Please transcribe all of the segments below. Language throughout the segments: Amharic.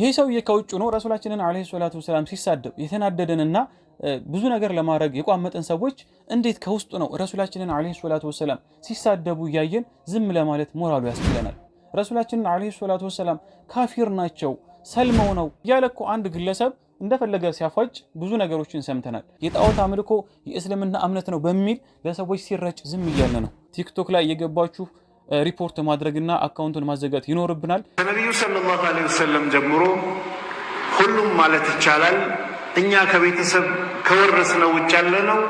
ይሄ ሰውዬ ከውጭ ነው ረሱላችንን ዓለይሂ ሰላቱ ወሰላም ሲሳደብ የተናደደንና ብዙ ነገር ለማድረግ የቋመጠን ሰዎች እንዴት ከውስጡ ነው ረሱላችንን ዓለይሂ ሰላቱ ወሰላም ሲሳደቡ እያየን ዝም ለማለት ሞራሉ ያስችለናል? ረሱላችንን ዓለይሂ ሰላቱ ወሰላም ካፊር ናቸው ሰልመው ነው እያለ እኮ አንድ ግለሰብ እንደፈለገ ሲያፏጭ ብዙ ነገሮችን ሰምተናል። የጣዖት አምልኮ የእስልምና እምነት ነው በሚል ለሰዎች ሲረጭ ዝም እያለ ነው። ቲክቶክ ላይ የገባችሁ ሪፖርት ማድረግና አካውንቱን ማዘጋት ይኖርብናል። ከነቢዩ ሰለላሁ ዐለይሂ ወሰለም ጀምሮ ሁሉም ማለት ይቻላል እኛ ከቤተሰብ ከወረስነው ውጭ ያለ ነው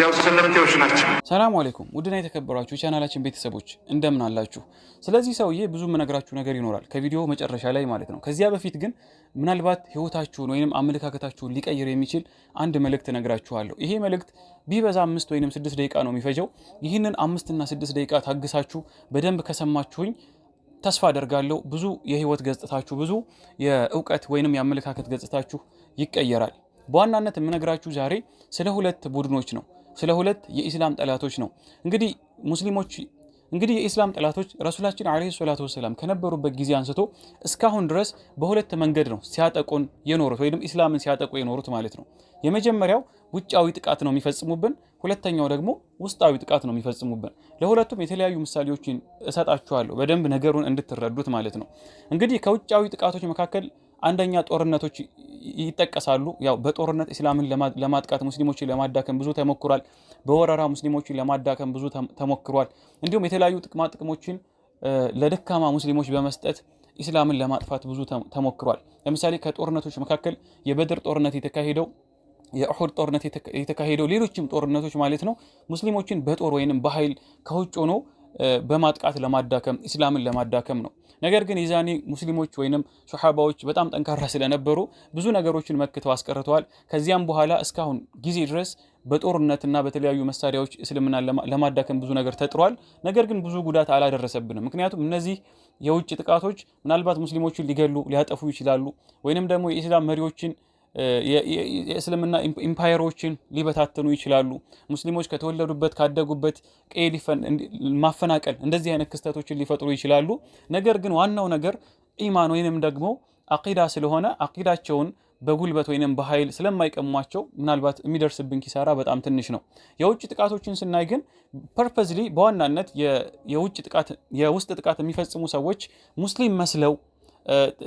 ያው ሰለምቴዎች ናቸው። ሰላም አለይኩም ውድና የተከበራችሁ የቻናላችን ቤተሰቦች እንደምን አላችሁ? ስለዚህ ሰውዬ ብዙ የምነግራችሁ ነገር ይኖራል ከቪዲዮ መጨረሻ ላይ ማለት ነው። ከዚያ በፊት ግን ምናልባት ህይወታችሁን ወይም አመለካከታችሁን ሊቀይር የሚችል አንድ መልእክት እነግራችኋለሁ። ይሄ መልእክት ቢበዛ አምስት ወይም ስድስት ደቂቃ ነው የሚፈጀው። ይህንን አምስትና ስድስት ደቂቃ ታግሳችሁ በደንብ ከሰማችሁኝ ተስፋ አደርጋለሁ ብዙ የህይወት ገጽታችሁ ብዙ የእውቀት ወይንም የአመለካከት ገጽታችሁ ይቀየራል። በዋናነት የምነግራችሁ ዛሬ ስለ ሁለት ቡድኖች ነው። ስለ ሁለት የኢስላም ጠላቶች ነው። እንግዲህ ሙስሊሞች እንግዲህ የኢስላም ጠላቶች ረሱላችን ዓለይሂ ሰላቱ ወሰላም ከነበሩበት ጊዜ አንስቶ እስካሁን ድረስ በሁለት መንገድ ነው ሲያጠቁን የኖሩት ወይም ኢስላምን ሲያጠቁ የኖሩት ማለት ነው። የመጀመሪያው ውጫዊ ጥቃት ነው የሚፈጽሙብን፣ ሁለተኛው ደግሞ ውስጣዊ ጥቃት ነው የሚፈጽሙብን። ለሁለቱም የተለያዩ ምሳሌዎችን እሰጣችኋለሁ በደንብ ነገሩን እንድትረዱት ማለት ነው። እንግዲህ ከውጫዊ ጥቃቶች መካከል አንደኛ ጦርነቶች ይጠቀሳሉ። ያው በጦርነት እስላምን ለማጥቃት ሙስሊሞችን ለማዳከም ብዙ ተሞክሯል። በወረራ ሙስሊሞችን ለማዳከም ብዙ ተሞክሯል። እንዲሁም የተለያዩ ጥቅማ ጥቅሞችን ለደካማ ሙስሊሞች በመስጠት ኢስላምን ለማጥፋት ብዙ ተሞክሯል። ለምሳሌ ከጦርነቶች መካከል የበድር ጦርነት የተካሄደው የእሁድ ጦርነት የተካሄደው ሌሎችም ጦርነቶች ማለት ነው ሙስሊሞችን በጦር ወይንም በኃይል ከውጭ ሆኖ በማጥቃት ለማዳከም ኢስላምን ለማዳከም ነው። ነገር ግን የዛኔ ሙስሊሞች ወይንም ሶሓባዎች በጣም ጠንካራ ስለነበሩ ብዙ ነገሮችን መክተው አስቀርተዋል። ከዚያም በኋላ እስካሁን ጊዜ ድረስ በጦርነትና በተለያዩ መሳሪያዎች እስልምና ለማዳከም ብዙ ነገር ተጥሯል። ነገር ግን ብዙ ጉዳት አላደረሰብንም። ምክንያቱም እነዚህ የውጭ ጥቃቶች ምናልባት ሙስሊሞችን ሊገሉ ሊያጠፉ ይችላሉ፣ ወይንም ደግሞ የኢስላም መሪዎችን የእስልምና ኢምፓየሮችን ሊበታተኑ ይችላሉ። ሙስሊሞች ከተወለዱበት ካደጉበት ቀዬ ማፈናቀል፣ እንደዚህ አይነት ክስተቶችን ሊፈጥሩ ይችላሉ። ነገር ግን ዋናው ነገር ኢማን ወይንም ደግሞ አቂዳ ስለሆነ አቂዳቸውን በጉልበት ወይንም በኃይል ስለማይቀሟቸው ምናልባት የሚደርስብን ኪሳራ በጣም ትንሽ ነው። የውጭ ጥቃቶችን ስናይ ግን ፐርፐዝሊ በዋናነት የውጭ ጥቃት የውስጥ ጥቃት የሚፈጽሙ ሰዎች ሙስሊም መስለው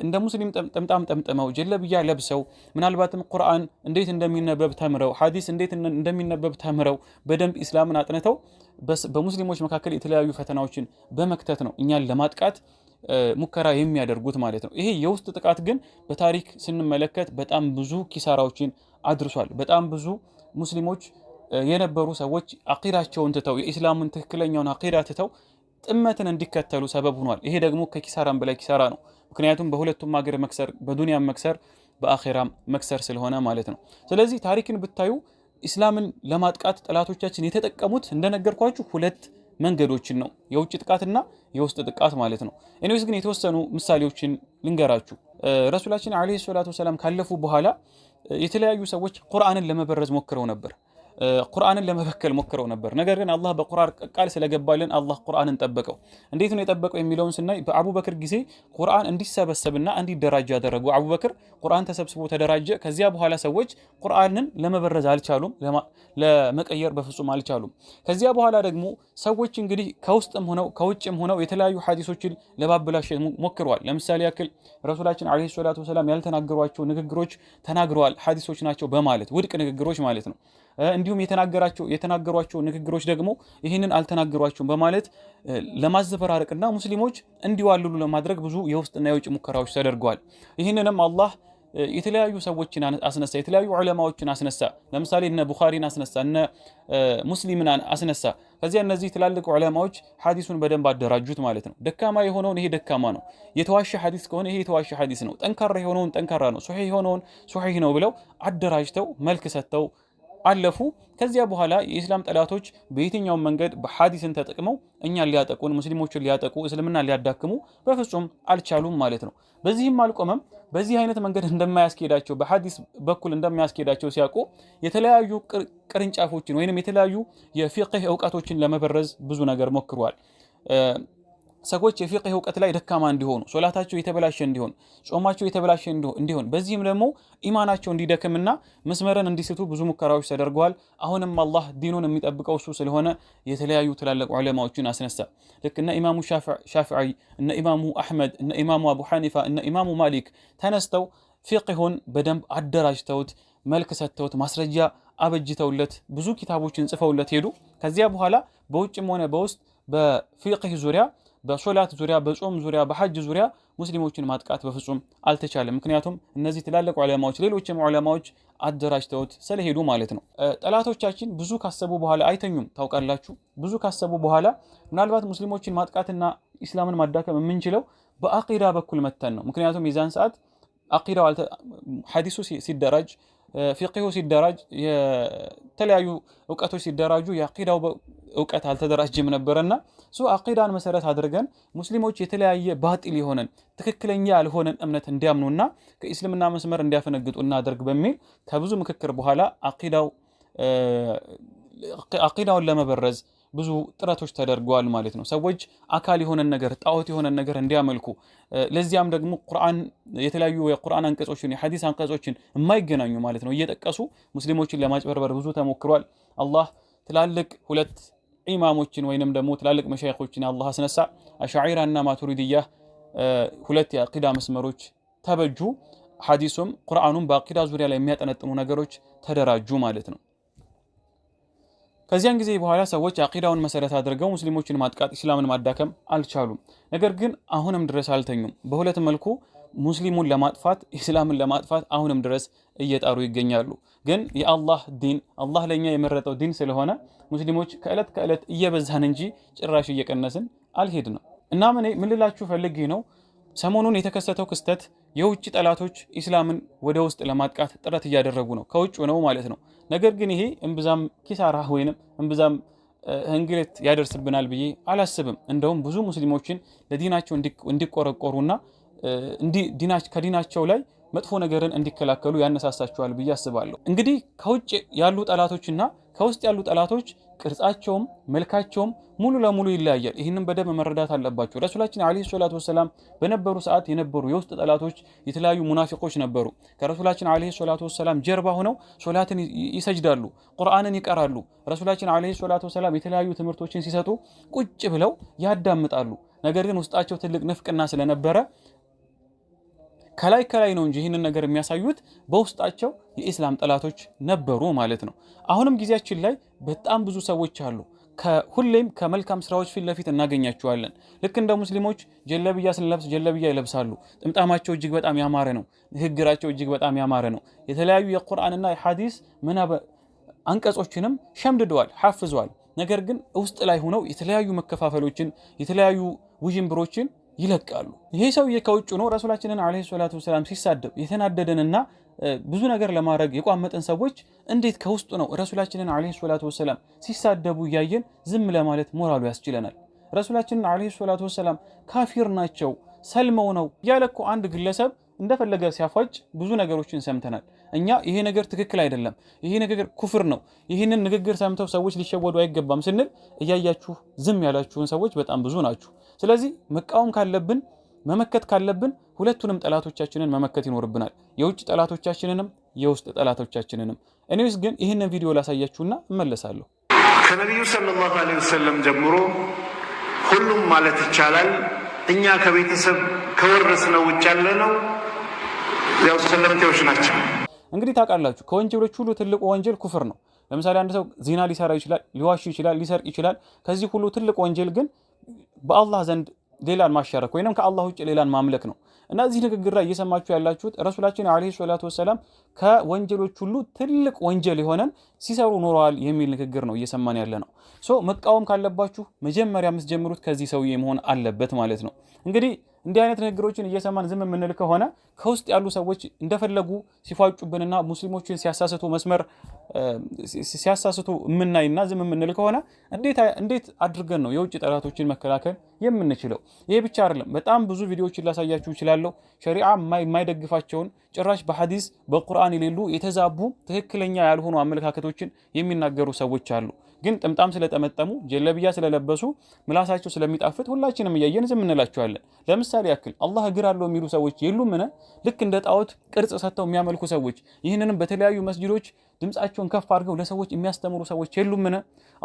እንደ ሙስሊም ጥምጣም ጠምጥመው ጀለብያ ለብሰው ምናልባትም ቁርአን እንዴት እንደሚነበብ ተምረው ሐዲስ እንዴት እንደሚነበብ ተምረው በደንብ ኢስላምን አጥንተው በሙስሊሞች መካከል የተለያዩ ፈተናዎችን በመክተት ነው እኛን ለማጥቃት ሙከራ የሚያደርጉት ማለት ነው። ይሄ የውስጥ ጥቃት ግን በታሪክ ስንመለከት በጣም ብዙ ኪሳራዎችን አድርሷል። በጣም ብዙ ሙስሊሞች የነበሩ ሰዎች አቂዳቸውን ትተው የኢስላምን ትክክለኛውን አቂዳ ትተው ጥመትን እንዲከተሉ ሰበብ ሆኗል። ይሄ ደግሞ ከኪሳራም በላይ ኪሳራ ነው። ምክንያቱም በሁለቱም ሀገር መክሰር፣ በዱንያም መክሰር፣ በአኼራም መክሰር ስለሆነ ማለት ነው። ስለዚህ ታሪክን ብታዩ ኢስላምን ለማጥቃት ጠላቶቻችን የተጠቀሙት እንደነገርኳችሁ ሁለት መንገዶችን ነው፣ የውጭ ጥቃትና የውስጥ ጥቃት ማለት ነው። እኔስ ግን የተወሰኑ ምሳሌዎችን ልንገራችሁ። ረሱላችን ዓለይሂ ሰላቱ ወሰላም ካለፉ በኋላ የተለያዩ ሰዎች ቁርአንን ለመበረዝ ሞክረው ነበር። ቁርአንን ለመበከል ሞክረው ነበር። ነገር ግን አላህ በቁርአን ቃል ስለገባልን አላህ ቁርአንን ጠበቀው። እንዴት ነው የጠበቀው የሚለውን ስናይ በአቡበክር ጊዜ ቁርአን እንዲሰበሰብና እንዲደራጅ አደረጉ አቡበክር ቁርአን ተሰብስቦ ተደራጀ። ከዚያ በኋላ ሰዎች ቁርአንን ለመበረዝ አልቻሉም፣ ለመቀየር በፍጹም አልቻሉም። ከዚያ በኋላ ደግሞ ሰዎች እንግዲህ ከውስጥም ሆነው ከውጭም ሆነው የተለያዩ ሀዲሶችን ለባብላሽ ሞክረዋል። ለምሳሌ ያክል ረሱላችን ዓለይሂ ሰላቱ ወሰላም ያልተናገሯቸው ንግግሮች ተናግረዋል፣ ሐዲሶች ናቸው በማለት ውድቅ ንግግሮች ማለት ነው። እንዲሁም የተናገራቸው የተናገሯቸው ንግግሮች ደግሞ ይህንን አልተናገሯቸውም በማለት ለማዘበራረቅና ሙስሊሞች እንዲዋልሉ ለማድረግ ብዙ የውስጥና የውጭ ሙከራዎች ተደርገዋል። ይህንንም አላህ የተለያዩ ሰዎችን አስነሳ፣ የተለያዩ ዑለማዎችን አስነሳ። ለምሳሌ እነ ቡኻሪን አስነሳ፣ እነ ሙስሊምን አስነሳ። ከዚያ እነዚህ ትላልቅ ዑለማዎች ሐዲሱን በደንብ አደራጁት ማለት ነው። ደካማ የሆነውን ይሄ ደካማ ነው፣ የተዋሸ ሐዲስ ከሆነ ይሄ የተዋሸ ሐዲስ ነው፣ ጠንካራ የሆነውን ጠንካራ ነው፣ ሱሒህ የሆነውን ሱሒህ ነው ብለው አደራጅተው መልክ ሰጥተው አለፉ። ከዚያ በኋላ የኢስላም ጠላቶች በየትኛውም መንገድ በሐዲስን ተጠቅመው እኛን ሊያጠቁን፣ ሙስሊሞችን ሊያጠቁ፣ እስልምና ሊያዳክሙ በፍጹም አልቻሉም ማለት ነው። በዚህም አልቆመም። በዚህ አይነት መንገድ እንደማያስኬዳቸው በሐዲስ በኩል እንደማያስኬዳቸው ሲያውቁ የተለያዩ ቅርንጫፎችን ወይንም የተለያዩ የፊቅህ እውቀቶችን ለመበረዝ ብዙ ነገር ሞክሯል ሰዎች የፊቅህ እውቀት ላይ ደካማ እንዲሆኑ፣ ሶላታቸው የተበላሸ እንዲሆን፣ ጾማቸው የተበላሸ እንዲሆን፣ በዚህም ደግሞ ኢማናቸው እንዲደክምና መስመርን እንዲስቱ ብዙ ሙከራዎች ተደርገዋል። አሁንም አላህ ዲኑን የሚጠብቀው እሱ ስለሆነ የተለያዩ ትላልቅ ዑለማዎችን አስነሳ። ልክ እነ ኢማሙ ሻፍዒ፣ እነ ኢማሙ አሕመድ፣ እነ ኢማሙ አቡ ሐኒፋ፣ እነ ኢማሙ ማሊክ ተነስተው ፊቅሁን በደንብ አደራጅተውት መልክ ሰጥተውት ማስረጃ አበጅተውለት ብዙ ኪታቦችን ጽፈውለት ሄዱ። ከዚያ በኋላ በውጭም ሆነ በውስጥ በፊቅህ ዙሪያ በሶላት ዙሪያ፣ በጾም ዙሪያ፣ በሐጅ ዙሪያ ሙስሊሞችን ማጥቃት በፍጹም አልተቻለም። ምክንያቱም እነዚህ ትላልቅ ዑለማዎች ሌሎችም ዑለማዎች አደራጅተውት ስለሄዱ ማለት ነው። ጠላቶቻችን ብዙ ካሰቡ በኋላ አይተኙም። ታውቃላችሁ፣ ብዙ ካሰቡ በኋላ ምናልባት ሙስሊሞችን ማጥቃትና ኢስላምን ማዳከም የምንችለው በአቂዳ በኩል መተን ነው። ምክንያቱም የዛን ሰዓት አቂዳው ሐዲሱ ሲደራጅ ፊቅሁ ሲደራጅ የተለያዩ እውቀቶች ሲደራጁ የአቂዳው እውቀት አልተደራጀም ነበረና ሶ አቂዳን መሰረት አድርገን ሙስሊሞች የተለያየ ባጢል የሆነን ትክክለኛ ያልሆነን እምነት እንዲያምኑና ከእስልምና መስመር እንዲያፈነግጡ እናደርግ በሚል ከብዙ ምክክር በኋላ አቂዳውን ለመበረዝ ብዙ ጥረቶች ተደርገዋል ማለት ነው። ሰዎች አካል የሆነን ነገር ጣዖት የሆነን ነገር እንዲያመልኩ ለዚያም ደግሞ ቁርአን የተለያዩ የቁርአን አንቀጾችን የሐዲስ አንቀጾችን የማይገናኙ ማለት ነው እየጠቀሱ ሙስሊሞችን ለማጭበርበር ብዙ ተሞክሯል። አላህ ትላልቅ ሁለት ኢማሞችን ወይንም ደግሞ ትላልቅ መሻይኮችን አላህ አስነሳ። አሻዒራ እና ማቱሪድያ ሁለት የአቂዳ መስመሮች ተበጁ። ሐዲሱም ቁርአኑም በአቂዳ ዙሪያ ላይ የሚያጠነጥኑ ነገሮች ተደራጁ ማለት ነው። ከዚያን ጊዜ በኋላ ሰዎች አቂዳውን መሰረት አድርገው ሙስሊሞችን ማጥቃት፣ ኢስላምን ማዳከም አልቻሉም። ነገር ግን አሁንም ድረስ አልተኙም። በሁለት መልኩ ሙስሊሙን ለማጥፋት ኢስላምን ለማጥፋት አሁንም ድረስ እየጣሩ ይገኛሉ። ግን የአላህ ዲን አላህ ለእኛ የመረጠው ዲን ስለሆነ ሙስሊሞች ከዕለት ከዕለት እየበዛን እንጂ ጭራሽ እየቀነስን አልሄድ ነው። እናም እኔ ምን ፈልጌ ነው ሰሞኑን የተከሰተው ክስተት የውጭ ጠላቶች ኢስላምን ወደ ውስጥ ለማጥቃት ጥረት እያደረጉ ነው፣ ከውጭ ነው ማለት ነው። ነገር ግን ይሄ እምብዛም ኪሳራ ወይንም እምብዛም እንግልት ያደርስብናል ብዬ አላስብም። እንደውም ብዙ ሙስሊሞችን ለዲናቸው እንዲቆረቆሩና ከዲናቸው ላይ መጥፎ ነገርን እንዲከላከሉ ያነሳሳቸዋል ብዬ አስባለሁ። እንግዲህ ከውጭ ያሉ ጠላቶችና ከውስጥ ያሉ ጠላቶች ቅርጻቸውም መልካቸውም ሙሉ ለሙሉ ይለያያል። ይህንም በደንብ መረዳት አለባቸው። ረሱላችን ዓለይሂ ሰላቱ ወሰላም በነበሩ ሰዓት የነበሩ የውስጥ ጠላቶች የተለያዩ ሙናፊቆች ነበሩ። ከረሱላችን ዓለይሂ ሰላቱ ወሰላም ጀርባ ሆነው ሶላትን ይሰጅዳሉ፣ ቁርአንን ይቀራሉ። ረሱላችን ዓለይሂ ሰላቱ ወሰላም የተለያዩ ትምህርቶችን ሲሰጡ ቁጭ ብለው ያዳምጣሉ። ነገር ግን ውስጣቸው ትልቅ ንፍቅና ስለነበረ ከላይ ከላይ ነው እንጂ ይህንን ነገር የሚያሳዩት በውስጣቸው የኢስላም ጠላቶች ነበሩ ማለት ነው። አሁንም ጊዜያችን ላይ በጣም ብዙ ሰዎች አሉ። ከሁሌም ከመልካም ስራዎች ፊት ለፊት እናገኛቸዋለን። ልክ እንደ ሙስሊሞች ጀለብያ ስንለብስ ጀለብያ ይለብሳሉ። ጥምጣማቸው እጅግ በጣም ያማረ ነው። ንግግራቸው እጅግ በጣም ያማረ ነው። የተለያዩ የቁርአንና የሐዲስ ምናብ አንቀጾችንም ሸምድደዋል፣ ሐፍዘዋል። ነገር ግን ውስጥ ላይ ሆነው የተለያዩ መከፋፈሎችን የተለያዩ ውዥንብሮችን ይለቃሉ። ይሄ ሰውዬ ከውጭ ነው ረሱላችንን ዓለይሂ ሰላቱ ወሰላም ሲሳደብ የተናደደንና ብዙ ነገር ለማድረግ የቋመጠን ሰዎች እንዴት ከውስጡ ነው ረሱላችንን ዓለይሂ ሰላቱ ወሰላም ሲሳደቡ እያየን ዝም ለማለት ሞራሉ ያስችለናል? ረሱላችንን ዓለይሂ ሰላቱ ወሰላም ካፊር ናቸው ሰልመው ነው እያለ እኮ አንድ ግለሰብ እንደፈለገ ሲያፏጭ ብዙ ነገሮችን ሰምተናል። እኛ ይሄ ነገር ትክክል አይደለም፣ ይሄ ነገር ኩፍር ነው፣ ይህንን ንግግር ሰምተው ሰዎች ሊሸወዱ አይገባም ስንል እያያችሁ ዝም ያላችሁን ሰዎች በጣም ብዙ ናችሁ። ስለዚህ መቃወም ካለብን መመከት ካለብን ሁለቱንም ጠላቶቻችንን መመከት ይኖርብናል። የውጭ ጠላቶቻችንንም የውስጥ ጠላቶቻችንንም። እኔስ ግን ይህንን ቪዲዮ ላሳያችሁና እመለሳለሁ። ከነቢዩ ሰለላሁ ዐለይሂ ወሰለም ጀምሮ ሁሉም ማለት ይቻላል እኛ ከቤተሰብ ከወረስነው ውጭ ነው ያው ሰለምቴዎች ናቸው። እንግዲህ ታውቃላችሁ ከወንጀሎች ሁሉ ትልቁ ወንጀል ኩፍር ነው። ለምሳሌ አንድ ሰው ዜና ሊሰራ ይችላል፣ ሊዋሽ ይችላል፣ ሊሰርቅ ይችላል። ከዚህ ሁሉ ትልቅ ወንጀል ግን በአላህ ዘንድ ሌላን ማሻረክ ወይም ከአላህ ውጭ ሌላን ማምለክ ነው እና እዚህ ንግግር ላይ እየሰማችሁ ያላችሁት ረሱላችን ዓለይሂ ሰላቱ ወሰላም ከወንጀሎች ሁሉ ትልቅ ወንጀል የሆነን ሲሰሩ ኖረዋል የሚል ንግግር ነው እየሰማን ያለ ነው። ሶ መቃወም ካለባችሁ መጀመሪያ የምትጀምሩት ከዚህ ሰውዬ መሆን አለበት ማለት ነው እንግዲህ እንዲህ አይነት ንግግሮችን እየሰማን ዝም የምንል ከሆነ ከውስጥ ያሉ ሰዎች እንደፈለጉ ሲፏጩብንና ሙስሊሞችን ሲያሳስቱ መስመር ሲያሳስቱ የምናይና ዝም የምንል ከሆነ እንዴት አድርገን ነው የውጭ ጠላቶችን መከላከል የምንችለው? ይሄ ብቻ አይደለም። በጣም ብዙ ቪዲዮዎችን ላሳያችሁ እችላለሁ። ሸሪዓ የማይደግፋቸውን ጭራሽ በሐዲስ በቁርአን የሌሉ የተዛቡ ትክክለኛ ያልሆኑ አመለካከቶችን የሚናገሩ ሰዎች አሉ። ግን ጥምጣም ስለጠመጠሙ ጀለብያ ስለለበሱ ምላሳቸው ስለሚጣፍጥ ሁላችንም እያየን ዝም እንላቸዋለን። ለምሳሌ ያክል አላህ እግር አለው የሚሉ ሰዎች የሉምን? ልክ እንደ ጣዖት ቅርጽ ሰጥተው የሚያመልኩ ሰዎች፣ ይህንንም በተለያዩ መስጅዶች ድምፃቸውን ከፍ አድርገው ለሰዎች የሚያስተምሩ ሰዎች የሉምን?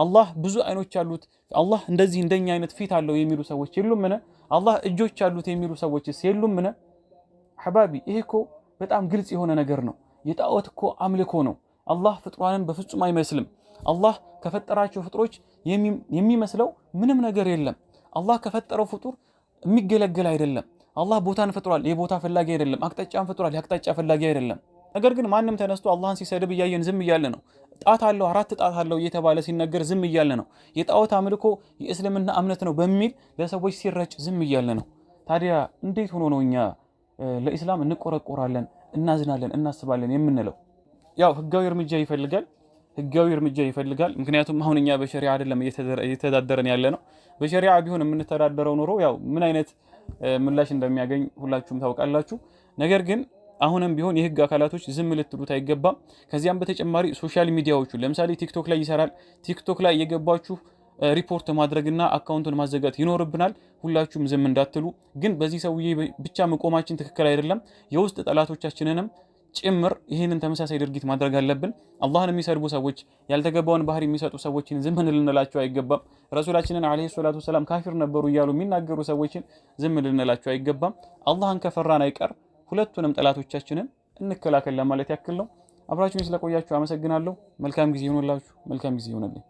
አላህ ብዙ አይኖች አሉት፣ አላህ እንደዚህ እንደኛ አይነት ፊት አለው የሚሉ ሰዎች የሉምን? አላህ እጆች አሉት የሚሉ ሰዎችስ የሉምን? ሐባቢ ይሄ እኮ በጣም ግልጽ የሆነ ነገር ነው። የጣዖት እኮ አምልኮ ነው። አላህ ፍጥሯንን በፍጹም አይመስልም። አላህ ከፈጠራቸው ፍጡሮች የሚመስለው ምንም ነገር የለም። አላህ ከፈጠረው ፍጡር የሚገለገል አይደለም። አላህ ቦታን ፈጥሯል፣ የቦታ ፈላጊ አይደለም። አቅጣጫን ፈጥሯል፣ የአቅጣጫ ፈላጊ አይደለም። ነገር ግን ማንም ተነስቶ አላህን ሲሰድብ እያየን ዝም እያለ ነው። ጣት አለው አራት ጣት አለው እየተባለ ሲነገር ዝም እያለ ነው። የጣዖት አምልኮ የእስልምና እምነት ነው በሚል ለሰዎች ሲረጭ ዝም እያለ ነው። ታዲያ እንዴት ሆኖ ነው እኛ ለኢስላም እንቆረቆራለን፣ እናዝናለን፣ እናስባለን የምንለው? ያው ህጋዊ እርምጃ ይፈልጋል። ህጋዊ እርምጃ ይፈልጋል። ምክንያቱም አሁን እኛ በሸሪያ አይደለም እየተዳደረን ያለ ነው። በሸሪያ ቢሆን የምንተዳደረው ኑሮ ያው ምን አይነት ምላሽ እንደሚያገኝ ሁላችሁም ታውቃላችሁ። ነገር ግን አሁንም ቢሆን የህግ አካላቶች ዝም ልትሉት አይገባም። ከዚያም በተጨማሪ ሶሻል ሚዲያዎቹ ለምሳሌ ቲክቶክ ላይ ይሰራል። ቲክቶክ ላይ የገባችሁ ሪፖርት ማድረግና አካውንቱን ማዘጋት ይኖርብናል። ሁላችሁም ዝም እንዳትሉ። ግን በዚህ ሰውዬ ብቻ መቆማችን ትክክል አይደለም። የውስጥ ጠላቶቻችንንም ጭምር ይህንን ተመሳሳይ ድርጊት ማድረግ አለብን። አላህን የሚሰድቡ ሰዎች፣ ያልተገባውን ባህሪ የሚሰጡ ሰዎችን ዝም ልንላቸው አይገባም። ረሱላችንን ዓለይሂ ሰላቱ ወሰላም ካፊር ነበሩ እያሉ የሚናገሩ ሰዎችን ዝም ልንላቸው አይገባም። አላህን ከፈራን አይቀር ሁለቱንም ጠላቶቻችንን እንከላከል ለማለት ያክል ነው። አብራችሁኝ ስለቆያችሁ አመሰግናለሁ። መልካም ጊዜ ይሁንላችሁ። መልካም ጊዜ ይሁንልኝ።